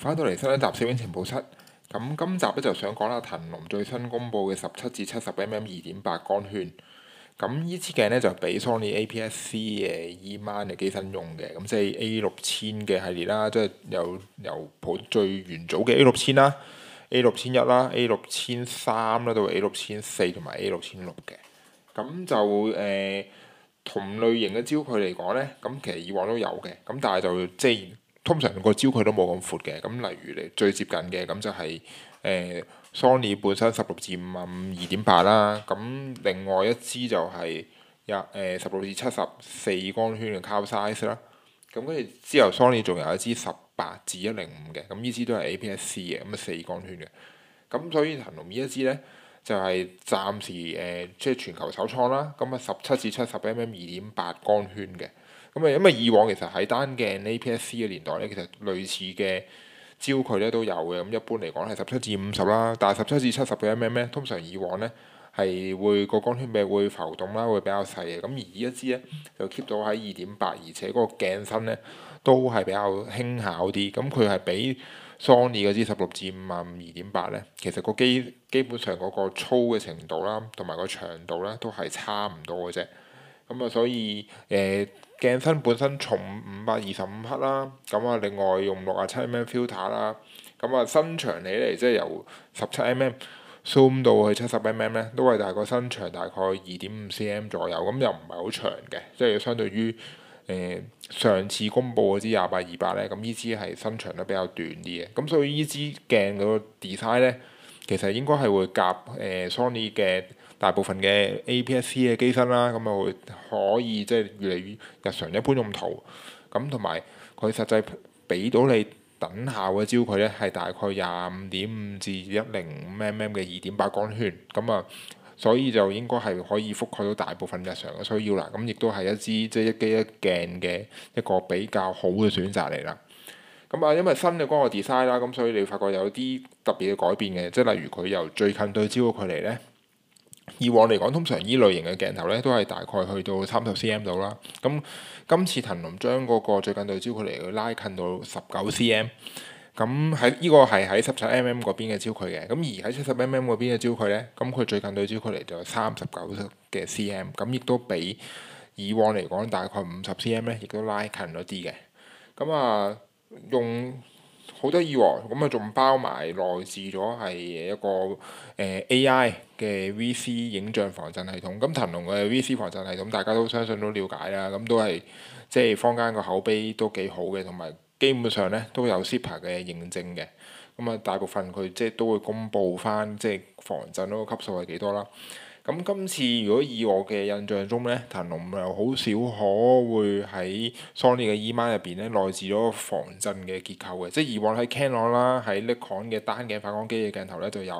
翻到嚟新一集《攝影情報室》，咁今集咧就想講下騰龍最新公布嘅十七至七十 mm 二點八光圈。咁呢支鏡咧就俾 Sony APS-C 嘅 E-Mount 嘅機身用嘅，咁即係 A 六千嘅系列啦，即係有有普最元祖嘅 A 六千啦，A 六千一啦，A 六千三啦，到 A 六千四同埋 A 六千六嘅。咁就誒同類型嘅焦距嚟講咧，咁其實以往都有嘅，咁但係就即係。通常個焦距都冇咁闊嘅，咁例如你最接近嘅咁就係、是、誒、呃、Sony 本身十六至五啊五二點八啦，咁另外一支就係廿誒十六至七十四光圈嘅 Carl Zeiss 啦。咁跟住之後 Sony 仲有一支十八至一零五嘅，咁呢支都係 APS-C 嘅，咁啊四光圈嘅。咁所以騰龍呢一支咧就係、是、暫時誒即係全球首創啦，咁啊十七至七十 mm 二點八光圈嘅。咁啊，因為以往其實喺單鏡 APS-C 嘅年代咧，其實類似嘅焦距咧都有嘅。咁一般嚟講咧，係十七至五十啦，但係十七至七十嘅咩咩，通常以往咧係會個光圈咪會浮動啦，會比較細嘅。咁而呢一支咧就 keep 到喺二點八，而, 8，而且嗰個鏡身咧都係比較輕巧啲。咁佢係比 Sony 嗰支十六至五十五二點八咧，8，其實個基基本上嗰個粗嘅程度啦，同埋個長度咧都係差唔多嘅啫。咁啊，所以誒。呃鏡身本身重五百二十五克啦，咁啊另外用六啊七 mm filter 啦，咁啊身長起嚟即係由十七 mm zoom 到去七十 mm 咧，都係大概身長大概二點五 cm 左右，咁又唔係好長嘅，即係相對於誒、呃、上次公佈嗰支廿八二百咧，咁呢支係身長得比較短啲嘅，咁所以鏡呢支鏡嗰個 design 咧，其實應該係會夾誒、呃、Sony 鏡。大部分嘅 APS-C 嘅機身啦，咁啊會可以即係、就是、越嚟越日常一般用途咁，同埋佢實際俾到你等效嘅焦距咧，係大概廿五點五至一零五 mm 嘅二點八光圈咁啊，所以就應該係可以覆蓋到大部分日常嘅需要啦。咁亦都係一支即係、就是、一機一鏡嘅一個比較好嘅選擇嚟啦。咁啊，因為新嘅光學 design 啦，咁所以你會發覺有啲特別嘅改變嘅，即係例如佢由最近對焦嘅距離咧。以往嚟講，通常呢類型嘅鏡頭咧都係大概去到三十 cm 度啦。咁今次騰龍將嗰個最近對焦距離拉近到十九 cm。咁喺、這個 mm mm、呢個係喺十七 mm 嗰邊嘅焦距嘅，咁而喺七十 mm 嗰邊嘅焦距咧，咁佢最近對焦距離就三十九嘅 cm。咁亦都比以往嚟講大概五十 cm 咧，亦都拉近咗啲嘅。咁啊，用。好得意喎，咁啊仲包埋內置咗係一個、呃、AI 嘅 VC 影像防震系統。咁騰龍嘅 VC 防震系統大家都相信都了解啦，咁、嗯、都係即係坊間個口碑都幾好嘅，同埋基本上咧都有 CIPA 嘅認證嘅。咁、嗯、啊，大部分佢即係都會公布翻即係防震嗰個級數係幾多啦。咁今次如果以我嘅印象中咧，騰龍又好少可會喺 Sony 嘅 E 馬入邊咧內置咗防震嘅結構嘅，即係以往喺 Canon 啦、喺 n e i c a 嘅單鏡反光機嘅鏡頭咧就有，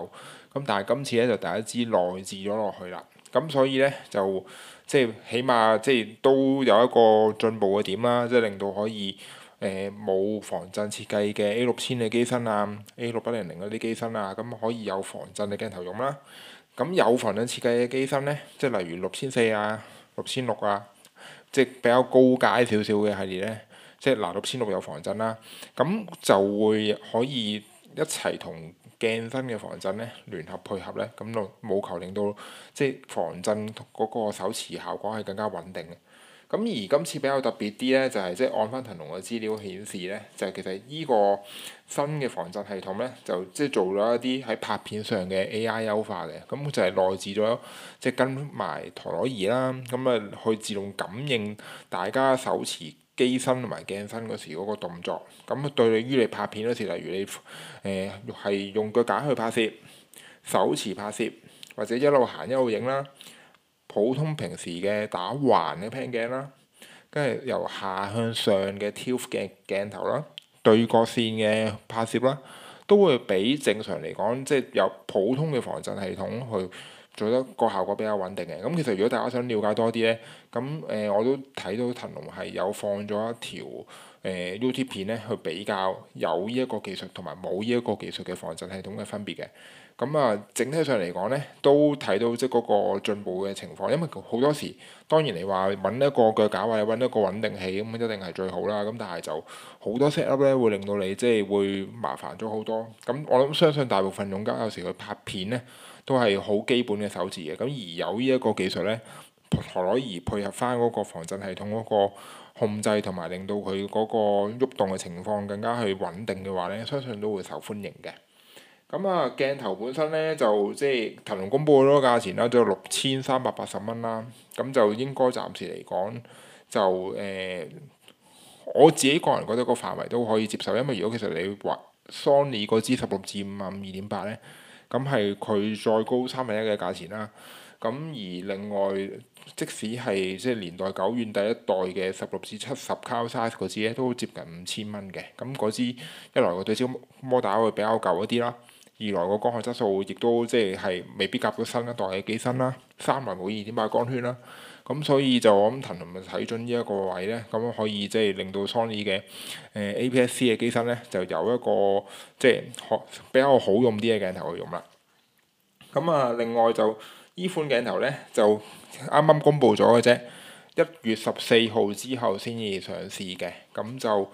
咁但係今次咧就第一支內置咗落去啦，咁所以咧就碼即係起碼即係都有一個進步嘅點啦，即係令到可以誒冇防震設計嘅 A 六千嘅機身啊、A 六八零零嗰啲機身啊，咁可以有防震嘅鏡頭用啦。咁有防震設計嘅機身咧，即係例如六千四啊、六千六啊，即係比較高階少少嘅系列咧。即係嗱，六千六有防震啦，咁就會可以一齊同鏡身嘅防震咧聯合配合咧，咁就冇求令到即係防震嗰個手持效果係更加穩定嘅。咁而今次比較特別啲咧，就係即係按翻騰龍嘅資料顯示咧，就係其實依個新嘅防震系統咧，就即係做咗一啲喺拍片上嘅 AI 優化嘅，咁就係內置咗即係跟埋陀螺儀啦，咁啊去自動感應大家手持機身同埋鏡身嗰時嗰個動作，咁對於你拍片嗰時，例如你誒係、呃、用腳架去拍攝、手持拍攝或者一路行一路影啦。普通平時嘅打橫嘅 pan 鏡啦，跟住由下向上嘅 tilt 鏡頭啦，對角線嘅拍攝啦，都會比正常嚟講，即係由普通嘅防震系統去，做得個效果比較穩定嘅，咁其實如果大家想了解多啲咧，咁誒、呃、我都睇到騰龍係有放咗一條誒 YouTube 片咧，去比較有呢一個技術同埋冇呢一個技術嘅防震系統嘅分別嘅。咁啊、呃，整體上嚟講咧，都睇到即係嗰、那個進步嘅情況，因為好多時當然你話揾一個腳架或者揾一個穩定器咁、嗯、一定係最好啦，咁但係就好多 set up 咧會令到你即係會麻煩咗好多。咁我諗相信大部分用家有時去拍片咧。都係好基本嘅手持嘅，咁而有呢一個技術咧，何來而配合翻嗰個防震系統嗰個控制同埋令到佢嗰個喐動嘅情況更加去穩定嘅話呢，相信都會受歡迎嘅。咁、嗯、啊，鏡頭本身呢，就即係騰龍公布咗價錢啦，就六千三百八十蚊啦，咁、啊、就應該暫時嚟講就誒、呃，我自己個人覺得個範圍都可以接受，因為如果其實你話 Sony 嗰支十六至五啊五二點八呢。咁係佢再高三分一嘅價錢啦、啊。咁而另外，即使係即係年代久遠第一代嘅十六至七十卡爾蔡司嗰支咧，都接近五千蚊嘅。咁嗰支一來個對焦摩打可能會比較舊一啲啦，二來個光學質素亦都即係係未必夾到新一代嘅機身啦，三來冇二點八光圈啦。咁所以就我諗騰龍咪睇準呢一個位咧，咁可以即係令到 Sony 嘅誒、呃、APS-C 嘅機身咧，就有一個即係可比較好用啲嘅鏡頭去用啦。咁啊，另外就依款、e、鏡頭咧，就啱啱公布咗嘅啫，一月十四號之後先至上市嘅，咁就。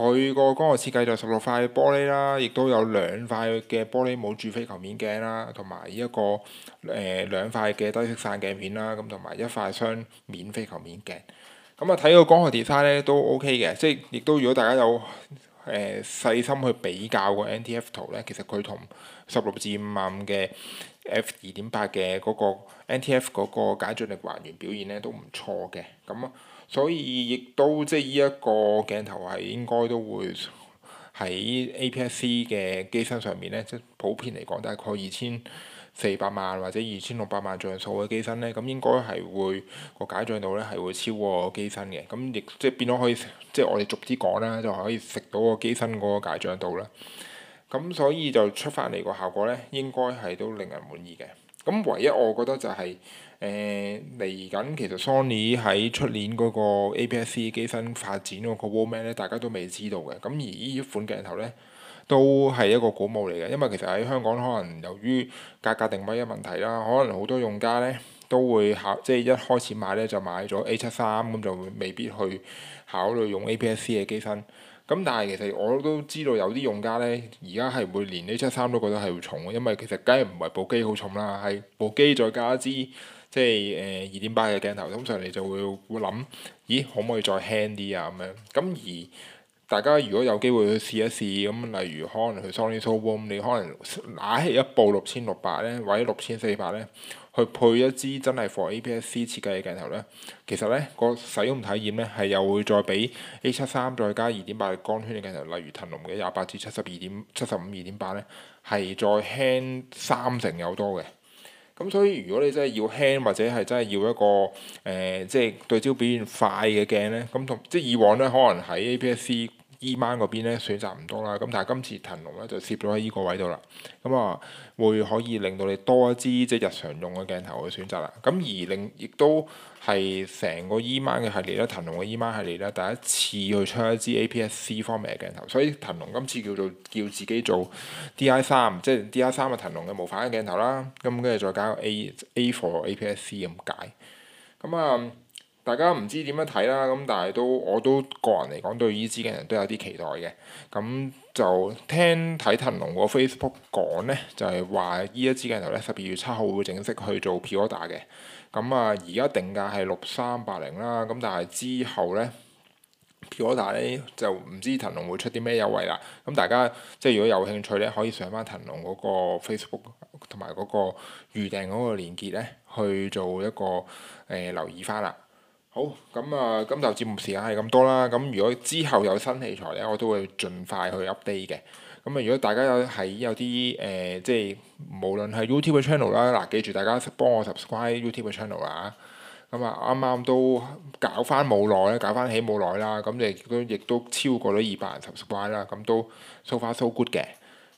佢個光學設計就十六塊玻璃啦，亦都有兩塊嘅玻璃模鑄非球面鏡啦，同埋一個誒、呃、兩塊嘅低色散鏡片啦，咁同埋一塊雙面非球面鏡。咁啊睇個光學 design 咧都 OK 嘅，即係亦都如果大家有誒、呃、細心去比較個 MTF 圖咧，其實佢同十六至五十五嘅 F 二點八嘅嗰個 MTF 嗰個解像力還原表現咧都唔錯嘅，咁、嗯。所以亦都即係呢一個鏡頭係應該都會喺 APS-C 嘅機身上面咧，即係普遍嚟講大概二千四百萬或者二千六百萬像素嘅機身咧，咁應該係會個解像度咧係會超過機身嘅，咁亦即係變咗可以即係我哋逐啲講啦，就可以食到個機身嗰個解像度啦。咁所以就出翻嚟個效果咧，應該係都令人滿意嘅。咁唯一我覺得就係誒嚟緊，呃、其實 Sony 喺出年嗰個 APS-C 機身發展嗰個 w a r m a n 咧，大家都未知道嘅。咁而呢一款鏡頭咧，都係一個鼓舞嚟嘅，因為其實喺香港可能由於價格定位嘅問題啦，可能好多用家咧都會考，即係一開始買咧就買咗 A 七三咁，就未必去考慮用 APS-C 嘅機身。咁但係其實我都知道有啲用家咧，而家係會連呢七三都覺得係會重，因為其實梗係唔係部機好重啦，係部機再加一支即係誒、呃、二點八嘅鏡頭，通常你就會會諗，咦，可唔可以再輕啲啊咁樣？咁而大家如果有機會去試一試咁，例如可能去 Sony Showroom，咁你可能攞起一部六千六百咧，或者六千四百咧，去配一支真係 for APS-C 設計嘅鏡頭咧，其實咧、呢個使用體驗咧係又會再比 A 七三再加二點八嘅光圈嘅鏡頭，例如騰龍嘅廿八至七十二點七十五二點八咧，係再輕三成有多嘅。咁所以如果你真係要輕或者係真係要一個誒、呃就係，即係對焦表現快嘅鏡咧，咁同即係以往咧可能喺 APS-C E-MAN 嗰邊咧選擇唔多啦，咁但係今次騰龍咧就攝咗喺呢個位度啦，咁、嗯、啊會可以令到你多一支即係日常用嘅鏡頭去選擇啦，咁、嗯、而令亦都係成個 E-MAN 嘅系列咧，騰龍嘅 E-MAN 系列咧第一次去出一支 APS-C 方面嘅鏡頭，所以騰龍今次叫做叫自己做 D.I 三，即係 D.I 三係騰龍嘅無反鏡頭啦，咁跟住再加個 A A for APS-C 咁解，咁啊。嗯嗯。大家唔知點樣睇啦，咁但係都我都個人嚟講對呢支鏡頭都有啲期待嘅。咁就聽睇騰龍個 Facebook 講咧，就係、是、話呢一支鏡頭咧十二月七號會正式去做票打嘅。咁啊，而家定價係六三八零啦，咁但係之後咧票打咧就唔知騰龍會出啲咩優惠啦。咁大家即係如果有興趣咧，可以上翻騰龍嗰個 Facebook 同埋嗰個預訂嗰個連結咧，去做一個誒、呃、留意翻啦。好咁啊、嗯，今集節目時間係咁多啦。咁如果之後有新器材咧，我都會盡快去 update 嘅。咁啊，如果大家有係有啲誒，即係無論係 YouTube 嘅 channel 啦，嗱，記住大家幫我 subscribe YouTube 嘅 channel 啊。咁啊，啱啱都搞翻冇耐啦，搞翻起冇耐啦。咁你亦都亦都超過咗二百人 subscribe 啦。咁都 so far so good 嘅。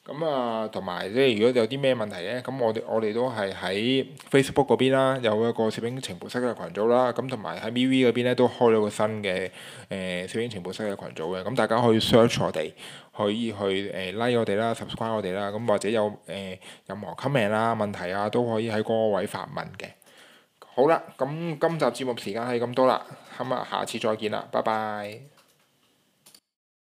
咁啊，同埋即係如果有啲咩問題咧，咁我哋我哋都係喺 Facebook 嗰邊啦，有一個攝影情報室嘅群組啦，咁同埋喺 Viv 嗰邊咧都開咗個新嘅誒、呃、攝影情報室嘅群組嘅，咁大家可以 search 我哋，可以去誒、呃、like 我哋啦，subscribe 我哋啦，咁或者有誒、呃、任何 comment 啦、啊、問題啊，都可以喺嗰位發問嘅。好啦，咁今集節目時間係咁多啦，咁啊，下次再見啦，拜拜。